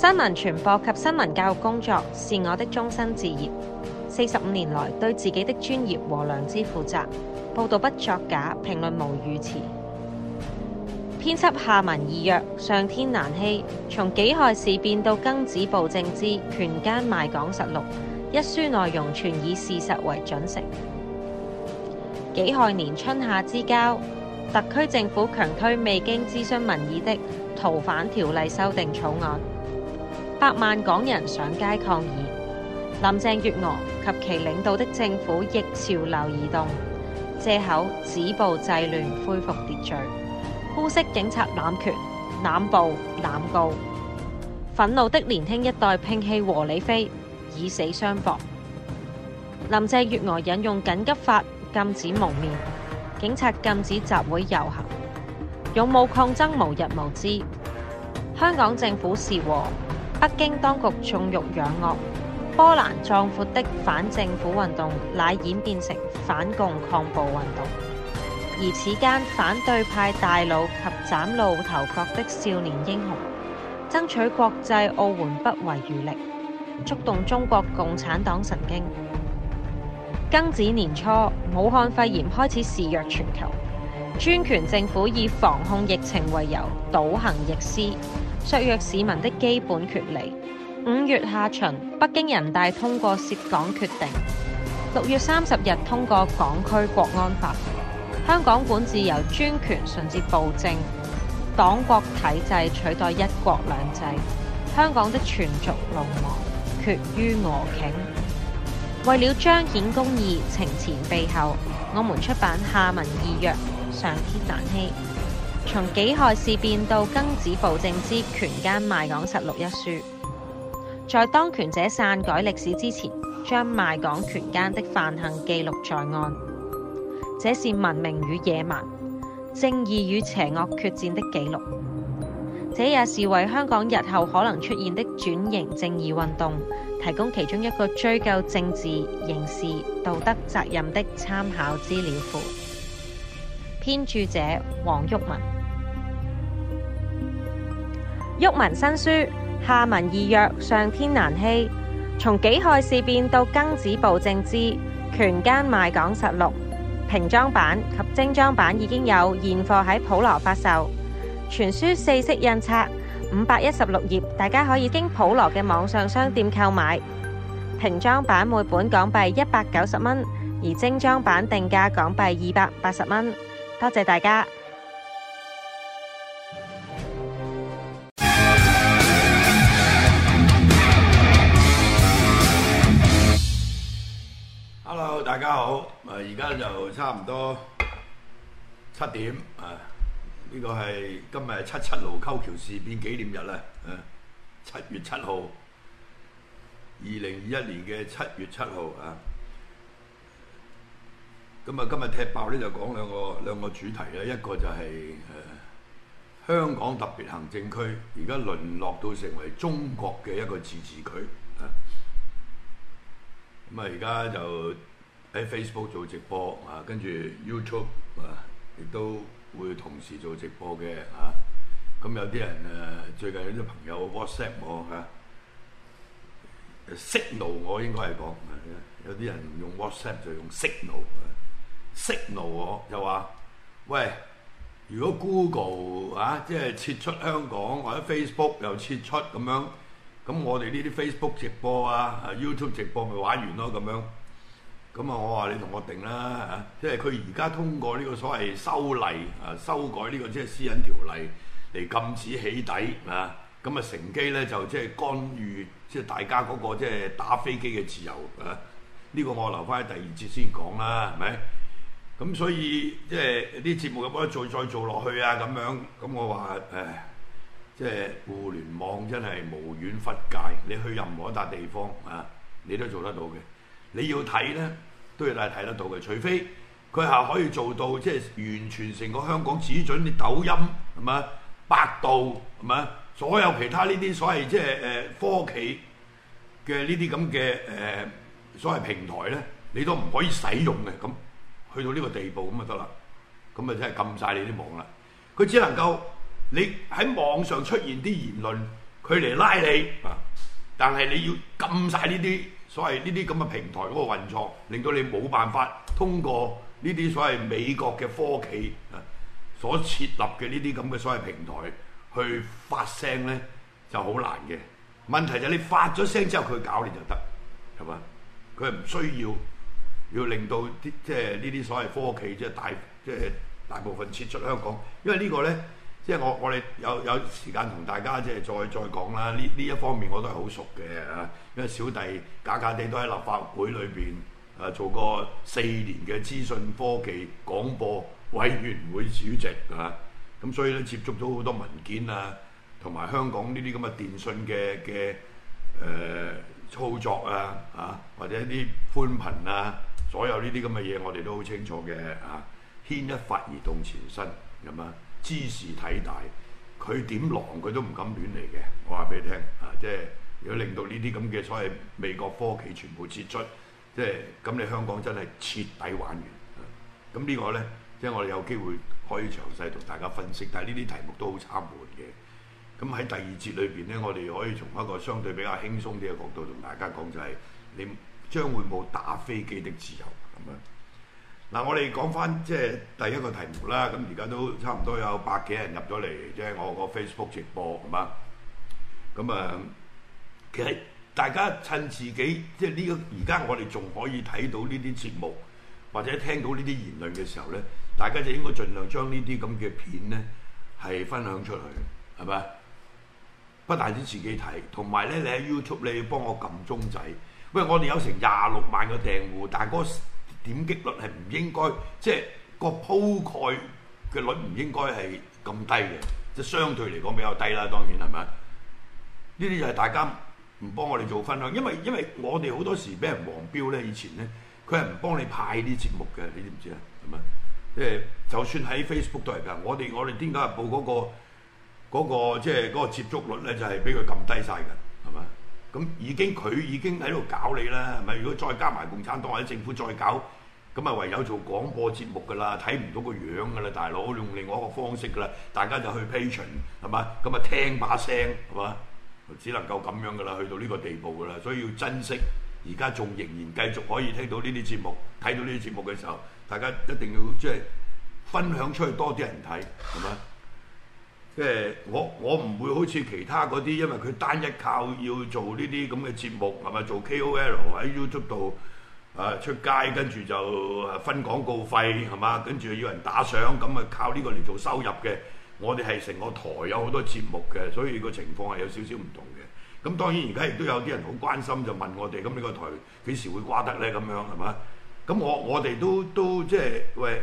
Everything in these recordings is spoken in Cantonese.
新聞傳播及新聞教育工作是我的終身志業。四十五年來，對自己的專業和良知負責，報道不作假，評論無語詞。編輯下文意約，上天難欺。從《己亥事變》到《庚子暴政》之《權奸賣港實錄》，一書內容全以事實為準繩。己亥年春夏之交，特區政府強推未經諮詢民意的《逃犯條例》修訂草案。百萬港人上街抗議，林鄭月娥及其領導的政府逆潮流而動，借口止暴制亂恢復秩，秩序，污衊警察濫權、濫暴、濫告。憤怒的年輕一代摒棄和理非，以死相搏。林鄭月娥引用緊急法禁止蒙面，警察禁止集會遊行，勇武抗爭無日無之。香港政府是和。北京當局縱欲養惡，波瀾壯闊的反政府運動乃演變成反共抗暴運動，而此間反對派大佬及嶄露頭角的少年英雄，爭取國際奧援不遺餘力，觸動中國共產黨神經。庚子年初，武漢肺炎開始肆虐全球，專權政府以防控疫情為由，倒行逆施。削弱市民的基本權利。五月下旬，北京人大通過涉港決定；六月三十日通過港區國安法。香港管治由專權順至暴政，黨國體制取代一國兩制。香港的全族淪亡，決於俄頃。為了彰顯公義，懲前毖後，我們出版下文異約，上天難欺。從己亥事變到庚子暴政之權奸賣港實錄一書，在當權者篡改歷史之前，將賣港權奸的犯行記錄在案，這是文明與野蠻、正義與邪惡決戰的記錄。這也是為香港日後可能出現的轉型正義運動提供其中一個追究政治、刑事、道德責任的參考資料庫。編著者：黃毓民。《毓民新書》，下文易約，上天難欺。從己亥事變到庚子暴政之權奸賣港實錄，平裝版及精裝版已經有現貨喺普羅發售。全書四色印刷，五百一十六頁，大家可以經普羅嘅網上商店購買。平裝版每本港幣一百九十蚊，而精裝版定價港幣二百八十蚊。多謝大家。而家就差唔多七點啊！呢個係今日七七盧溝橋事變紀念日啦，誒七月七號，二零二一年嘅七月七號啊！咁啊，今日踢爆呢就講兩個兩個主題啦，一個就係誒香港特別行政區而家淪落到成為中國嘅一個自治區，咁啊，而家就～喺 Facebook 做直播啊，跟住 YouTube 啊，亦都會同時做直播嘅嚇。咁、啊、有啲人誒、啊，最近有啲朋友 WhatsApp 我嚇、啊、，Signal 我應該係講、啊，有啲人用 WhatsApp 就用 Signal、啊。Signal 我就話：喂，如果 Google 啊，即係撤出香港，或者 Facebook 又撤出咁樣，咁我哋呢啲 Facebook 直播啊、YouTube 直播咪玩完咯咁樣。咁啊！我話你同我定啦嚇，即係佢而家通過呢個所謂修例啊，修改呢個即係私隱條例嚟禁止起底啊，咁啊乘機咧就即係干預即係大家嗰個即係打飛機嘅自由啊！呢個我留翻喺第二節先講啦，係咪？咁所以即係啲節目有冇得再再做落去啊咁樣，咁我話誒，即係互聯網真係無遠弗屆，你去任何一笪地方啊，你都做得到嘅。你要睇咧，都要睇睇得到嘅。除非佢係可以做到即係完全成個香港只準你抖音係嘛、百度係嘛、所有其他呢啲所謂即係誒科技嘅呢啲咁嘅誒所謂平台咧，你都唔可以使用嘅。咁去到呢個地步咁就得啦，咁啊真係禁晒你啲網啦。佢只能夠你喺網上出現啲言論，佢嚟拉你啊，但係你要禁晒呢啲。所謂呢啲咁嘅平台嗰個運作，令到你冇辦法通過呢啲所謂美國嘅科技啊所設立嘅呢啲咁嘅所謂平台去發聲咧，就好難嘅。問題就係你發咗聲之後，佢搞你就得，係嘛？佢唔需要要令到啲即係呢啲所謂科技即係大即係、即係、大部分撤出香港，因為個呢個咧。即係我我哋有有時間同大家即係再再講啦，呢呢一方面我都係好熟嘅嚇，因為小弟假假地都喺立法會裏邊誒做過四年嘅資訊科技廣播委員會主席啊，咁所以咧接觸到好多文件啊，同埋香港呢啲咁嘅電信嘅嘅誒操作啊啊，或者啲寬頻啊，所有呢啲咁嘅嘢我哋都好清楚嘅嚇，牽一發而動全身咁啊！茲事體大，佢點狼佢都唔敢亂嚟嘅。我話俾你聽啊，即係如果令到呢啲咁嘅所謂美國科技全部撤出，即係咁，你香港真係徹底玩完。咁、啊、呢個呢，即係我哋有機會可以詳細同大家分析。但係呢啲題目都好沉悶嘅。咁喺第二節裏邊呢，我哋可以從一個相對比較輕鬆啲嘅角度同大家講，就係、是、你將會冇打飛機的自由。咁樣。嗱，我哋講翻即係第一個題目啦。咁而家都差唔多有百幾人入咗嚟，即係我個 Facebook 直播係嘛。咁啊、嗯，其實大家趁自己即係呢、呢個而家，我哋仲可以睇到呢啲節目或者聽到呢啲言論嘅時候咧，大家就應該盡量將呢啲咁嘅片咧係分享出去，係咪？不但止自己睇，同埋咧你喺 YouTube 你要幫我撳鐘仔。喂，我哋有成廿六萬個訂戶，但係、嗰個點擊率係唔應該，即係個鋪蓋嘅率唔應該係咁低嘅，即係相對嚟講比較低啦。當然係咪？呢啲就係大家唔幫我哋做分享，因為因為我哋好多時俾人黃標咧，以前咧，佢係唔幫你派啲節目嘅，你知唔知啊？係咪、那個那個？即係、那個、就算喺 Facebook 都係㗎，我哋我哋點解報嗰個嗰個即係嗰個接觸率咧，就係俾佢撳低晒㗎，係咪？咁已經佢已經喺度搞你啦，咪如果再加埋共產黨或者政府再搞，咁啊唯有做廣播節目噶啦，睇唔到個樣噶啦，大佬用另外一個方式噶啦，大家就去 Patreon 係嘛，咁啊聽把聲係嘛，只能夠咁樣噶啦，去到呢個地步噶啦，所以要珍惜而家仲仍然繼續可以聽到呢啲節目，睇到呢啲節目嘅時候，大家一定要即係分享出去多啲人睇，係嘛？即係我我唔會好似其他嗰啲，因為佢單一靠要做呢啲咁嘅節目，係咪做 KOL 喺 YouTube 度啊、呃、出街，跟住就分廣告費係嘛，跟住要人打賞，咁啊靠呢個嚟做收入嘅。我哋係成個台有好多節目嘅，所以個情況係有少少唔同嘅。咁當然而家亦都有啲人好關心，就問我哋咁呢個台幾時會瓜得咧？咁樣係嘛？咁我我哋都都即係喂。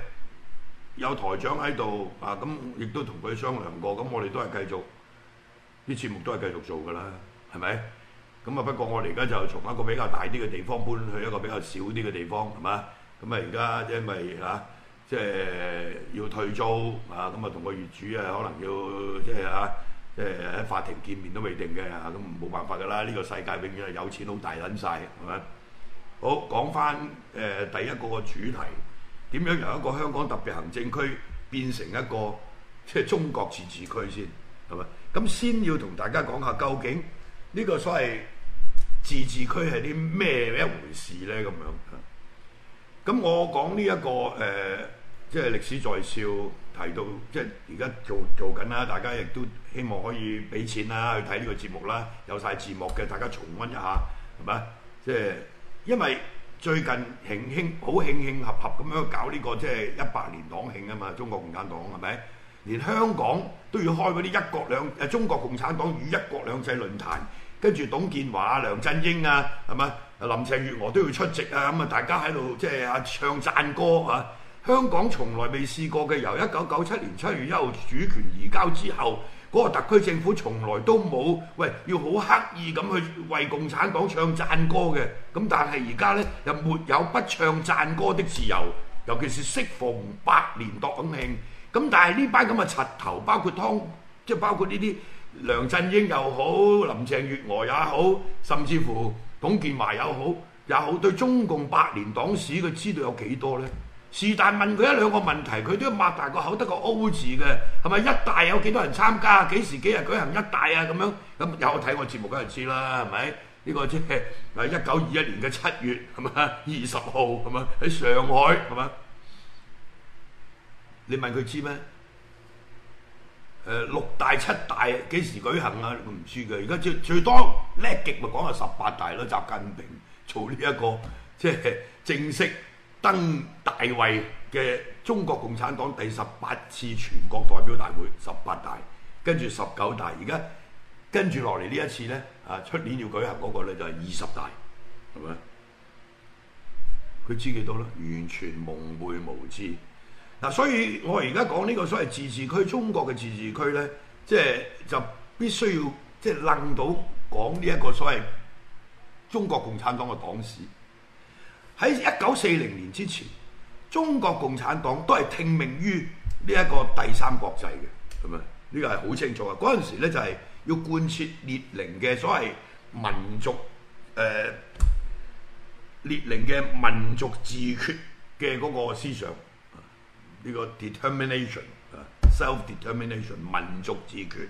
有台長喺度啊，咁亦都同佢商量過，咁我哋都係繼續啲節目都係繼續做㗎啦，係咪？咁啊不過我哋而家就從一個比較大啲嘅地方搬去一個比較小啲嘅地方，係嘛？咁啊而家因為嚇即係要退租啊，咁啊同個業主啊可能要即係嚇即係喺法庭見面都未定嘅，咁啊冇辦法㗎啦。呢個世界永遠係有錢佬大撚晒，係咪？好，講返誒第一個個主題。點樣由一個香港特別行政區變成一個即係中國自治區先係咪？咁先要同大家講下究竟呢個所謂自治區係啲咩一回事咧？咁樣咁我講呢、這、一個誒、呃，即係歷史在笑提到，即係而家做做緊啦。大家亦都希望可以俾錢啦去睇呢個節目啦，有晒字幕嘅，大家重温一下係咪？即係因為。最近興興好興興合合咁樣搞呢、這個即係、就是、一百年黨慶啊嘛，中國共產黨係咪？連香港都要開嗰啲一國兩誒中國共產黨與一國兩制論壇，跟住董建華啊、梁振英啊，係咪？林鄭月娥都要出席啊，咁啊，大家喺度即係啊唱讚歌啊！香港從來未試過嘅，由一九九七年七月一號主權移交之後。嗰個特區政府從來都冇，喂，要好刻意咁去為共產黨唱讚歌嘅，咁但係而家呢，又沒有不唱讚歌的自由，尤其是適逢百年黨慶，咁但係呢班咁嘅柒頭，包括湯，即係包括呢啲梁振英又好，林鄭月娥也好，甚至乎董建華又好，也好對中共百年黨史佢知道有幾多呢？是但問佢一兩個問題，佢都要擘大個口得個 O 字嘅，係咪？一大有幾多人參加？幾時幾日舉行一大啊？咁樣咁有睇我節目梗係知啦，係咪？呢、這個即係一九二一年嘅七月係咪二十號係咪喺上海係咪？你問佢知咩？誒、呃、六大七大幾時舉行啊？唔知嘅，而家最最多叻極咪講係十八大咯，習近平做呢、這、一個即係、就是、正式。登大位嘅中國共產黨第十八次全國代表大會十八大，跟住十九大，而家跟住落嚟呢一次呢，啊出年要舉行嗰個呢，就係二十大，係咪？佢知幾多呢？完全蒙昧無知。嗱、啊，所以我而家講呢個所謂自治區，中國嘅自治區呢，即係就必須要即係楞到講呢一個所謂中國共產黨嘅黨史。喺一九四零年之前，中國共產黨都係聽命於呢一個第三國際嘅，係咪？呢個係好清楚嘅。嗰陣時咧就係要貫徹列寧嘅所謂民族誒、呃、列寧嘅民族自決嘅嗰個思想，呢個 determination 啊，self determination 民族自決。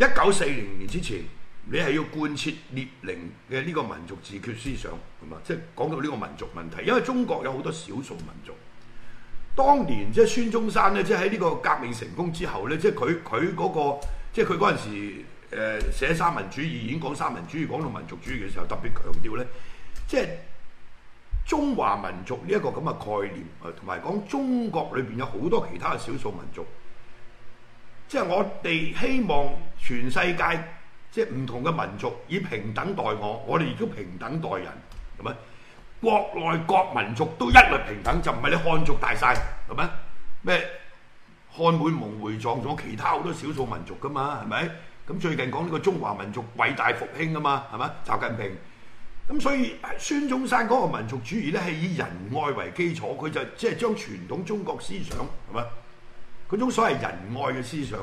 一九四零年之前。你係要貫徹列寧嘅呢個民族自決思想，係嘛？即係講到呢個民族問題，因為中國有好多少數民族。當年即係孫中山咧，即係喺呢個革命成功之後咧，即係佢佢嗰個，即係佢嗰陣時誒、呃、寫三民主義、演講三民主義、講到民族主義嘅時候，特別強調咧，即係中華民族呢一個咁嘅概念，誒同埋講中國裏邊有好多其他嘅少數民族，即係我哋希望全世界。即係唔同嘅民族以平等待我，我哋亦都平等待人，係咪？國內各民族都一律平等，就唔係你漢族大晒，係咪？咩漢滿蒙回藏咗其他好多少數民族㗎嘛，係咪？咁最近講呢個中華民族偉大復興㗎嘛，係咪？習近平咁，所以孫中山嗰個民族主義咧係以仁愛為基礎，佢就即係將傳統中國思想，係咪？嗰種所謂仁愛嘅思想。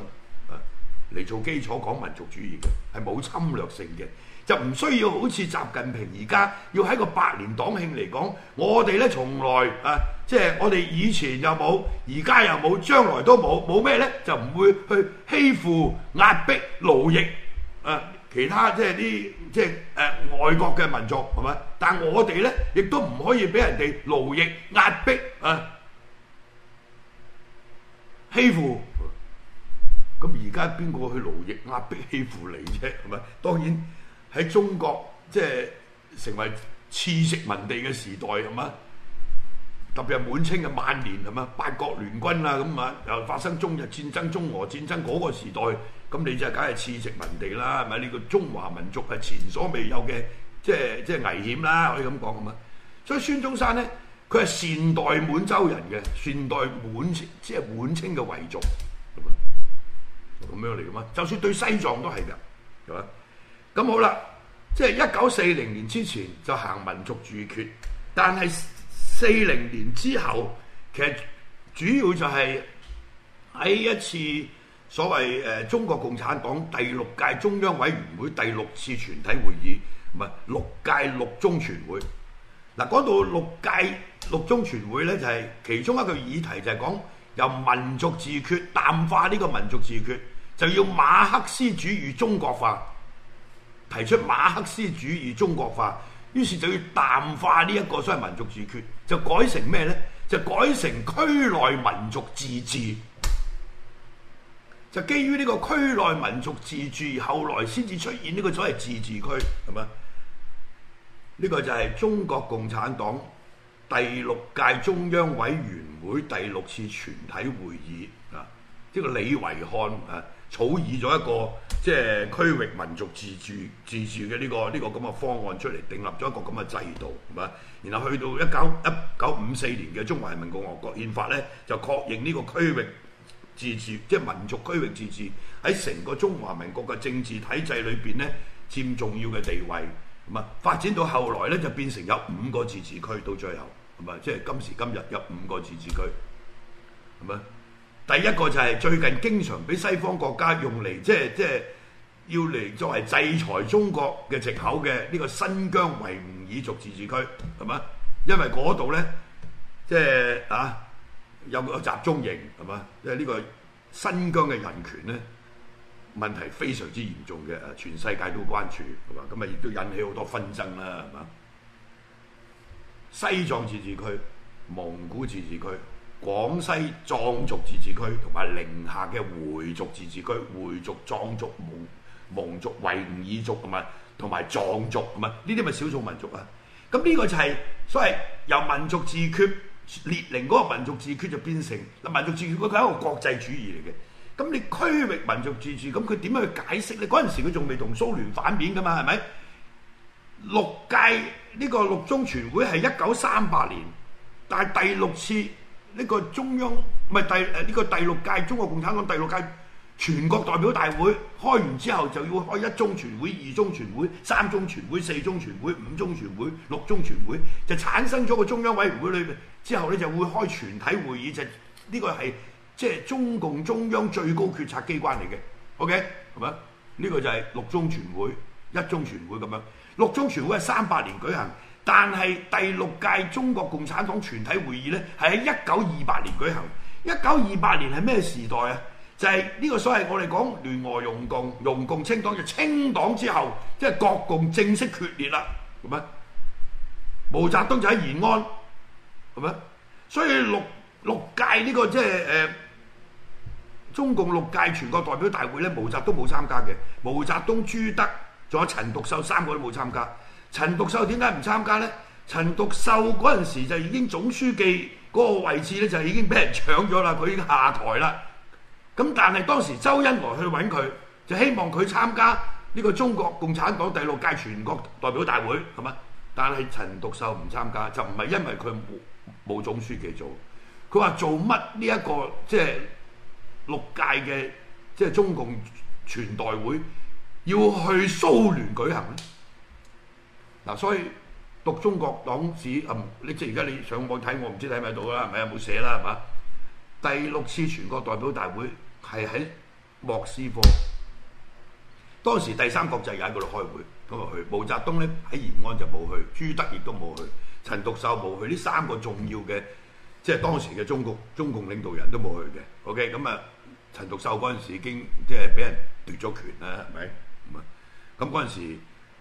嚟做基礎講民族主義嘅係冇侵略性嘅，就唔需要好似習近平而家要喺個百年黨慶嚟講，我哋咧從來啊，即係我哋以前又冇，而家又冇，將來都冇，冇咩咧就唔會去欺負壓迫奴役啊其他即係啲即係誒外國嘅民族，係咪？但係我哋咧亦都唔可以俾人哋奴役壓迫啊欺負。咁而家邊個去勞役壓迫欺負你啫？係咪？當然喺中國即係、就是、成為次殖民地嘅時代係嘛？特別係滿清嘅晚年係嘛？八國聯軍啊咁啊，又發生中日戰爭、中俄戰爭嗰個時代，咁你就梗係次殖民地啦，係咪？呢個中華民族係前所未有嘅即係即係危險啦，可以咁講咁啊！所以孫中山咧，佢係善待滿洲人嘅，善待滿即係滿清嘅、就是、遺族。咁樣嚟嘅嘛？就算對西藏都係㗎，係嘛？咁好啦，即係一九四零年之前就行民族自決，但係四零年之後，其實主要就係喺一次所謂誒、呃、中國共產黨第六屆中央委員會第六次全體會議，唔係六屆六中全會。嗱，講到六屆六中全會咧，就係、是、其中一個議題就係講由民族自決淡化呢個民族自決。就要馬克思主義中國化，提出馬克思主義中國化，於是就要淡化呢一個所謂民族自決，就改成咩呢？就改成區內民族自治。就基於呢個區內民族自治，後來先至出現呢個所謂自治區，係咪？呢個就係中國共產黨第六屆中央委員會第六次全體會議啊！呢個李維漢啊。草擬咗一個即係區域民族自治自治嘅呢個呢個咁嘅方案出嚟，訂立咗一個咁嘅制度，係嘛，然後去到一九一九五四年嘅中華人民共和國憲法咧，就確認呢個區域自治，即係民族區域自治喺成個中華民國嘅政治體制裏邊咧，佔重要嘅地位，係嘛，發展到後來咧就變成有五個自治區，到最後，係嘛，即係今時今日有五個自治區，係咪？第一個就係最近經常俾西方國家用嚟，即係即係要嚟作為制裁中國嘅藉口嘅呢個新疆維吾爾族自治區，係嘛？因為嗰度咧，即係啊有個集中營，係嘛？即係呢個新疆嘅人權咧問題非常之嚴重嘅，全世界都關注，係嘛？咁咪亦都引起好多紛爭啦，係嘛？西藏自治區、蒙古自治區、廣西壯族自治區同埋寧夏嘅回族自治區、回族、壯族、蒙、蒙族、維吾爾族同埋同埋藏族咁啊，呢啲咪少數民族啊？咁呢個就係所謂由民族自決，列寧嗰個民族自決就變成嗱民族自決，佢佢係一個國際主義嚟嘅。咁你區域民族自治，咁佢點樣去解釋咧？嗰陣時佢仲未同蘇聯反面噶嘛，係咪？六屆呢個六中全會係一九三八年，但係第六次。呢個中央唔係第誒呢個第六屆中國共產黨第六屆全國代表大會開完之後，就要開一中全會、二中全會、三中全會、四中全會、五中全會、六中全會，就產生咗個中央委員會裏面。之後咧就會開全體會議，就呢個係即係中共中央最高決策機關嚟嘅。OK，係咪？呢個就係六中全會、一中全會咁樣。六中全會係三八年舉行。但係第六屆中國共產黨全體會議咧，係喺一九二八年舉行。一九二八年係咩時代啊？就係、是、呢個，所謂我哋講聯俄容共，容共清黨，就是、清黨之後，即係國共正式決裂啦。咁啊，毛澤東就喺延安，咁啊。所以六六屆呢個即係誒中共六屆全國代表大會咧，毛澤東都冇參加嘅。毛澤東、朱德仲有陳獨秀三個都冇參加。陳獨秀點解唔參加呢？陳獨秀嗰陣時就已經總書記嗰個位置咧，就已經俾人搶咗啦，佢已經下台啦。咁但係當時周恩來去揾佢，就希望佢參加呢個中國共產黨第六屆全國代表大會，係咪？但係陳獨秀唔參加，就唔係因為佢冇冇總書記做。佢話做乜呢一個即係、即係、六屆嘅即係中共全代會要去蘇聯舉行。嗱，啊、所以讀中國黨史啊、嗯，你即係而家你上網睇，我唔知睇唔睇到啦，係咪有冇寫啦，係嘛？第六次全國代表大會係喺莫斯科，當時第三國際又喺嗰度開會，咁啊去。毛澤東咧喺延安就冇去，朱德亦都冇去，陳獨秀冇去，呢三個重要嘅即係當時嘅中國中共領導人都冇去嘅。OK，咁、嗯、啊，陳獨秀嗰陣時已經即係俾人奪咗權啦，係咪對？咁嗰陣時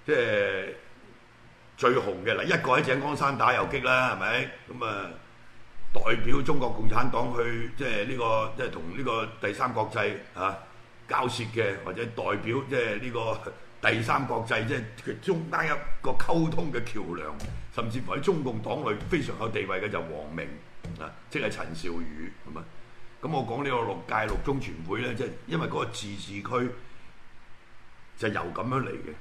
即係。最紅嘅嗱，一個喺井岡山打遊擊啦，係咪？咁、嗯、啊，代表中國共產黨去即係呢、這個即係同呢個第三國際嚇、啊、交涉嘅，或者代表即係呢個第三國際即係中間一個溝通嘅橋梁，甚至乎喺中共黨內非常有地位嘅就是、王明啊，即係陳紹禹咁啊。咁、嗯、我講呢個六屆六中全會咧，即係因為嗰個自治區就由咁樣嚟嘅。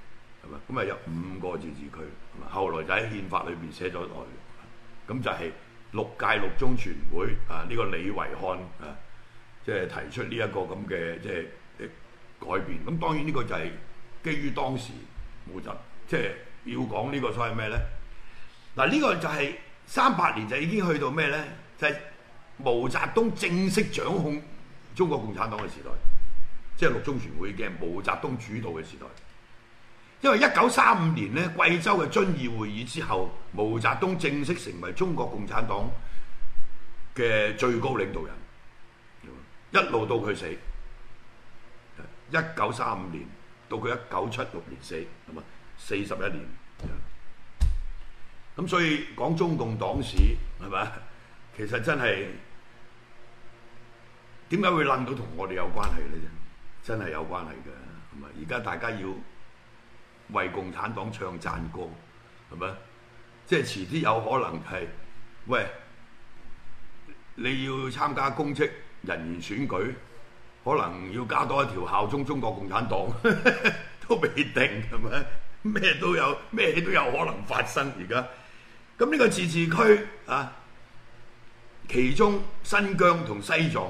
咁啊，咁啊有五個自治區，後來就喺憲法裏邊寫咗落嚟，咁就係六屆六中全會啊，呢個李維漢啊，即係提出呢一個咁嘅即係誒改變，咁當然呢個就係基於當時毛澤東，即係要講呢個所謂咩咧？嗱呢個就係三八年就已經去到咩咧？就係毛澤東正式掌控中國共產黨嘅時代，即係六中全會嘅毛澤東主導嘅時代。因為一九三五年呢，貴州嘅遵義會議之後，毛澤東正式成為中國共產黨嘅最高領導人，一路到佢死，一九三五年到佢一九七六年死，係嘛，四十一年。咁所以講中共黨史，係嘛，其實真係點解會諗到同我哋有關係呢？真係有關係嘅，係咪？而家大家要。為共產黨唱讚歌，係咪？即係遲啲有可能係，喂，你要參加公職人員選舉，可能要加多一條效忠中，中國共產黨， 都未定，係咪？咩都有，咩都有可能發生。而家咁呢個自治區啊，其中新疆同西藏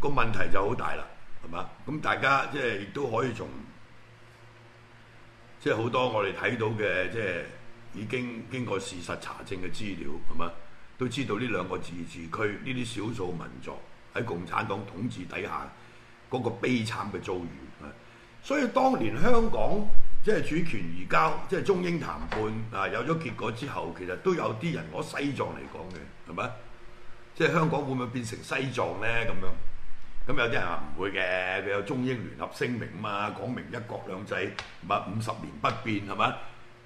個問題就好大啦，係嘛？咁大家即係都可以從。即係好多我哋睇到嘅，即係已經經過事實查證嘅資料，係嘛？都知道呢兩個自治區，呢啲少數民族喺共產黨統治底下嗰個悲慘嘅遭遇。所以當年香港即係主權移交，即係中英談判啊，有咗結果之後，其實都有啲人攞西藏嚟講嘅，係咪即係香港會唔會變成西藏咧？咁樣。咁有啲人話唔會嘅，佢有中英聯合聲明嘛，講明一國兩制，唔係五十年不變，係嘛？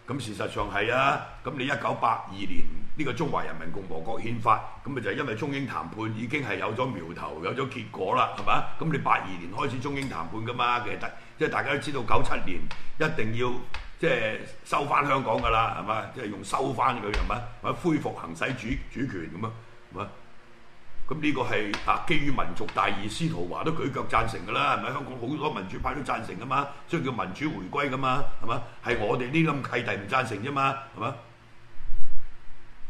咁事實上係啊，咁你一九八二年呢個中華人民共和國憲法，咁咪就係因為中英談判已經係有咗苗頭，有咗結果啦，係嘛？咁你八二年開始中英談判㗎嘛，其實大即係大家都知道九七年一定要即係收返香港㗎啦，係嘛？即係用收返佢，係嘛？或者恢復行使主主權咁啊，係嘛？咁呢個係啊，基於民族大義，司徒華都舉腳贊成噶啦，係咪香港好多民主派都贊成噶嘛？所以叫民主回歸噶嘛？係嘛？係我哋呢咁契弟唔贊成啫嘛？係嘛？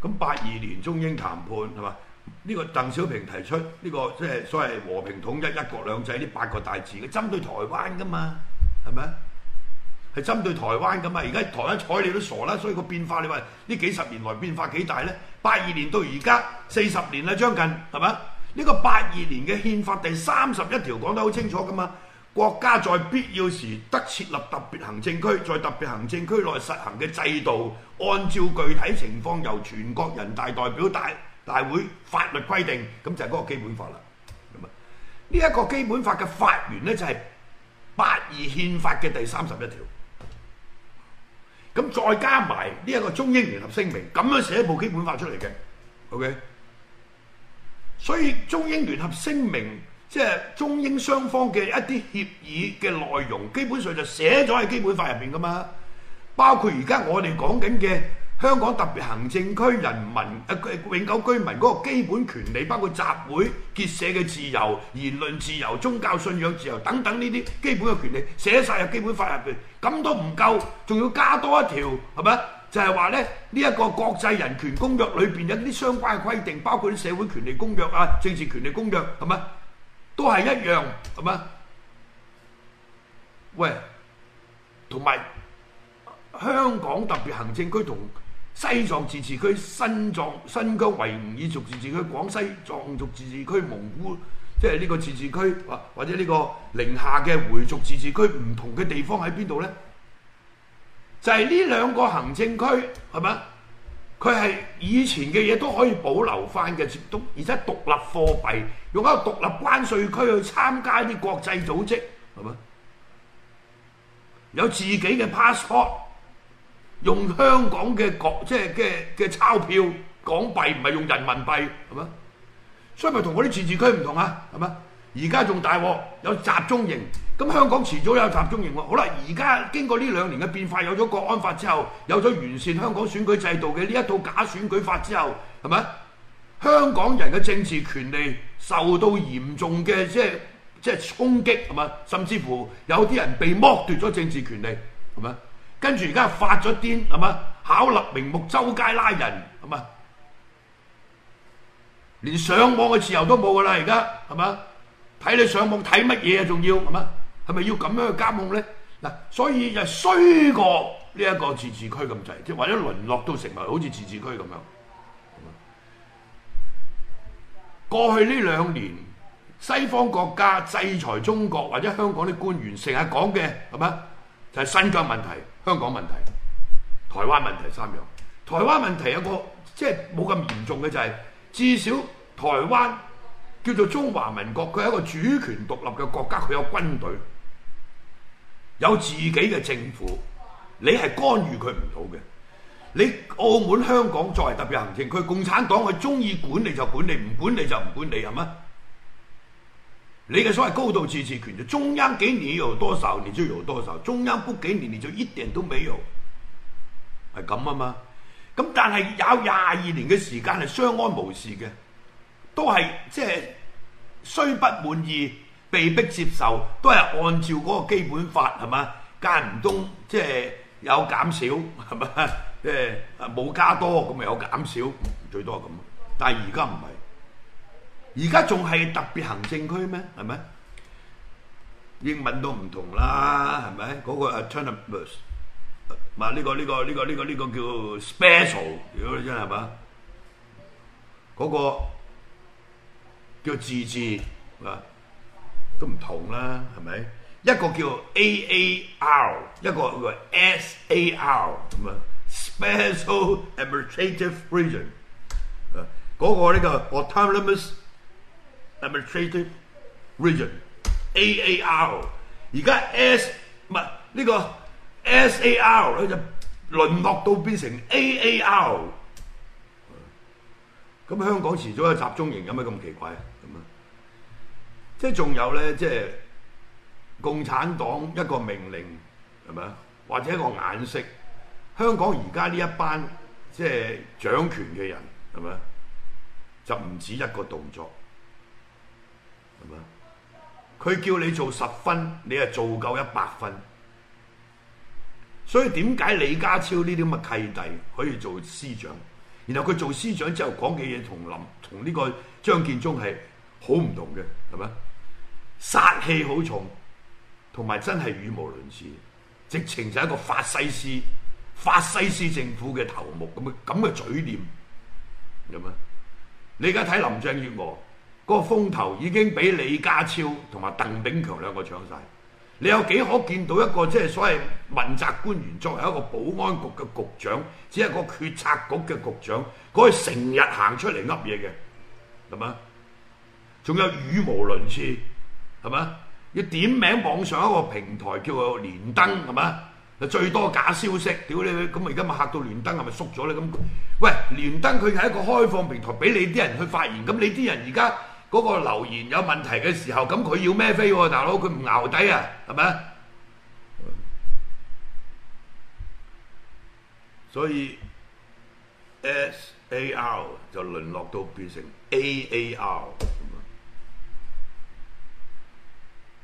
咁八二年中英談判係嘛？呢個鄧小平提出呢個即係所謂和平統一、一國兩制呢八個大字，針對台灣噶嘛？係咪啊？係針對台灣噶嘛？而家台灣彩你都傻啦，所以個變化你話呢幾十年來變化幾大咧？八二年到而家四十年啦，將近係嘛？呢個八二年嘅憲法第三十一條講得好清楚噶嘛，國家在必要時得設立特別行政區，在特別行政區內實行嘅制度，按照具體情況由全國人大代表大大會法律規定，咁就係嗰個基本法啦。咁啊，呢一個基本法嘅法源呢，就係八二憲法嘅第三十一條。咁再加埋呢一個中英聯合聲明，咁樣寫一部基本法出嚟嘅，OK？所以中英聯合聲明即係、就是、中英雙方嘅一啲協議嘅內容，基本上就寫咗喺基本法入邊噶嘛，包括而家我哋講緊嘅。香港特別行政區人民誒永久居民嗰個基本權利，包括集會、結社嘅自由、言論自由、宗教信仰自由等等呢啲基本嘅權利，寫晒入基本法入邊，咁都唔夠，仲要加多一條係咪？就係話咧，呢一個國際人權公約裏邊有啲相關嘅規定，包括啲社會權利公約啊、政治權利公約，係咪？都係一樣，係咪？喂，同埋香港特別行政區同。西藏自治區、新藏、新疆維吾爾族自治區、廣西壯族自治區、蒙古即係呢個自治區，或者呢個寧夏嘅回族自治區，唔同嘅地方喺邊度咧？就係、是、呢兩個行政區，係咪？佢係以前嘅嘢都可以保留翻嘅，都而且獨立貨幣，用一個獨立關稅區去參加一啲國際組織，係咪？有自己嘅 passport。用香港嘅國即係嘅嘅鈔票港幣唔係用人民幣係嘛，所以咪同嗰啲自治區唔同啊，係嘛？而家仲大鑊有集中營，咁香港遲早有集中營喎。好啦，而家經過呢兩年嘅變化，有咗國安法之後，有咗完善香港選舉制度嘅呢一套假選舉法之後，係咪？香港人嘅政治權利受到嚴重嘅即係即係衝擊，係嘛？甚至乎有啲人被剝奪咗政治權利，係嘛？跟住而家發咗癲係嘛？巧立名目周街拉人係嘛？連上網嘅自由都冇啦！而家係嘛？睇你上網睇乜嘢啊？仲要係嘛？係咪要咁樣去監控咧？嗱，所以就衰過呢一個自治區咁滯，即係或者淪落到成為好似自治區咁樣。過去呢兩年，西方國家制裁中國或者香港啲官員，成日講嘅係咩？就係新疆問題。香港問題、台灣問題三樣。台灣問題有個即係冇咁嚴重嘅就係、是，至少台灣叫做中華民國，佢係一個主權獨立嘅國家，佢有軍隊，有自己嘅政府，你係干預佢唔到嘅。你澳門、香港作為特別行政區，共產黨佢中意管理就管理，唔管理就唔管理，係嗎？你嘅所謂高度自治權，中央給你有多少，你就有多少；中央不給你，你就一定都未有，係咁啊嘛。咁但係有廿二年嘅時間係相安無事嘅，都係即係雖不滿意，被逼接受，都係按照嗰個基本法係嘛，間唔中即係有減少係嘛，即係冇加多咁咪有減少，最多係咁。但係而家唔係。而家仲係特別行政區咩？係咪英文都唔同啦？係咪嗰個 autonomous？唔係呢個呢個呢個呢個呢個叫 special 妖真係嘛？嗰個叫自治啊都唔同啦，係咪一個叫 A A R，一個叫 S A R，咁啊 special administrative region。嗰個呢個 autonomous。特別 Administrative Region A A R，而家 S 唔係呢個 S A R，佢就淪落到變成 A A R。咁、 嗯、香港遲早有集中營，有咩咁奇怪啊？咁啊，即係仲有咧，即係共產黨一個命令係咪啊？或者一個眼色，香港而家呢一班即係掌權嘅人係咪啊？就唔止一個動作。係咪？佢叫你做十分，你就做夠一百分。所以點解李家超呢啲咁嘅契弟可以做司長？然後佢做司長之後講嘅嘢，同林同呢個張建宗係好唔同嘅，係咪？殺氣好重，同埋真係語無倫次，直情就係一個法西斯，法西斯政府嘅頭目咁嘅咁嘅嘴臉，有咩？你而家睇林鄭月娥？個風頭已經俾李家超同埋鄧炳強兩個搶晒。你有幾可見到一個即係所謂問責官員作為一個保安局嘅局長，只係個決策局嘅局長，佢係成日行出嚟噏嘢嘅，係嘛？仲有語無倫次，係嘛？要點名網上一個平台叫做連登，係嘛？最多假消息，屌你！咁而家咪嚇到連登係咪縮咗咧？咁喂，連登佢係一個開放平台，俾你啲人去發言。咁你啲人而家？嗰個留言有問題嘅時候，咁佢要咩飛喎，大佬，佢唔淆底啊，係咪？ 所以 S A R 就淪落到變成 A A R。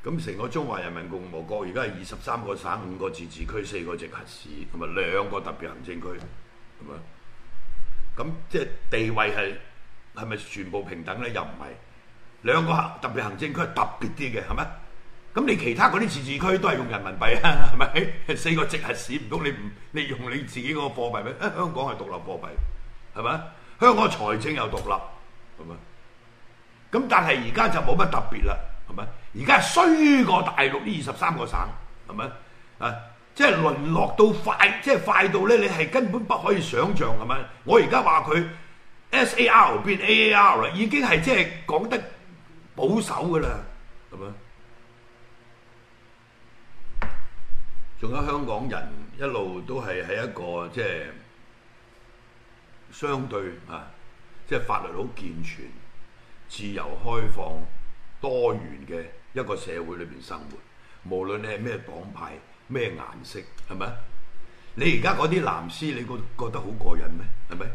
咁成個中華人民共和國而家係二十三個省、五個自治區、四個直轄市同埋兩個特別行政區，咁啊，咁即係地位係係咪全部平等呢？又唔係？兩個特別行政區係特別啲嘅係咪？咁你其他嗰啲自治區都係用人民幣啊，係咪？ 四個直轄市唔通，你唔你用你自己嗰個貨幣咩，啊？香港係獨立貨幣，係咪？香港財政又獨立，係咪？咁但係而家就冇乜特別啦，係咪？而家係衰過大陸呢二十三個省，係咪？啊，即係淪落到快，即係快到咧，你係根本不可以想象，係咪？我而家話佢 SAR 變 AAR 啦，已經係即係講得，保守噶啦，係咪？仲有香港人一路都係喺一個即係相對啊，即係法律好健全、自由開放、多元嘅一個社會裏邊生活。無論你係咩黨派、咩顏色，係咪？你而家嗰啲藍絲，你覺得覺得好過癮咩？係咪？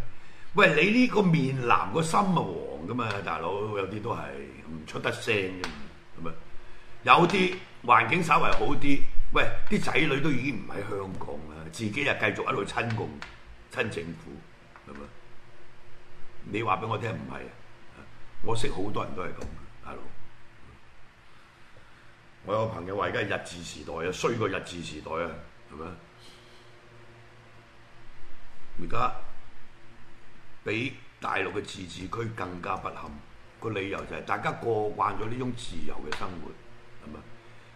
喂，你呢個面藍個心啊黃噶嘛，大佬有啲都係。出得聲啫，係咪？有啲環境稍微好啲，喂，啲仔女都已經唔喺香港啦，自己又繼續喺度親共、親政府，係咪？你話俾我聽，唔係啊？我識好多人都係咁，大佬。我有個朋友話：而家係日治時代啊，衰過日治時代啊，係咪？而家比大陸嘅自治區更加不幸。個理由就係大家過慣咗呢種自由嘅生活，係咪？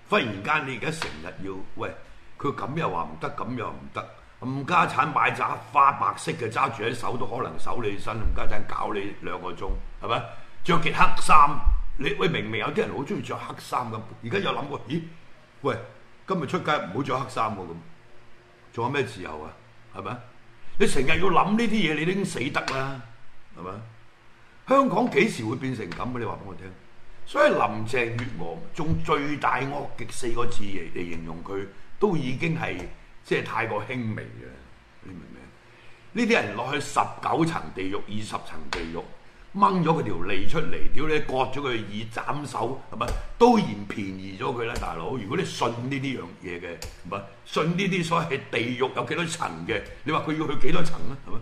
忽然間你而家成日要喂佢咁又話唔得，咁又唔得。冚家產買紮花白色嘅揸住喺手都可能手你身，冚家產搞你兩個鐘，係咪？着件黑衫，你喂明明有啲人好中意着黑衫咁，而家又諗過？咦，喂，今日出街唔好着黑衫喎咁，仲有咩自由啊？係咪？你成日要諗呢啲嘢，你都已經死得啦，係咪？香港幾時會變成咁啊？你話俾我聽。所以林鄭月娥用最大惡極四個字嚟嚟形容佢，都已經係即係太過輕微嘅。你明唔明？呢啲人落去十九層地獄、二十層地獄，掹咗佢條脷出嚟，屌你割咗佢耳斬手，係咪都嫌便宜咗佢咧？大佬，如果你信呢啲樣嘢嘅，唔係信呢啲所謂地獄有幾多層嘅？你話佢要去幾多層咧？係咪？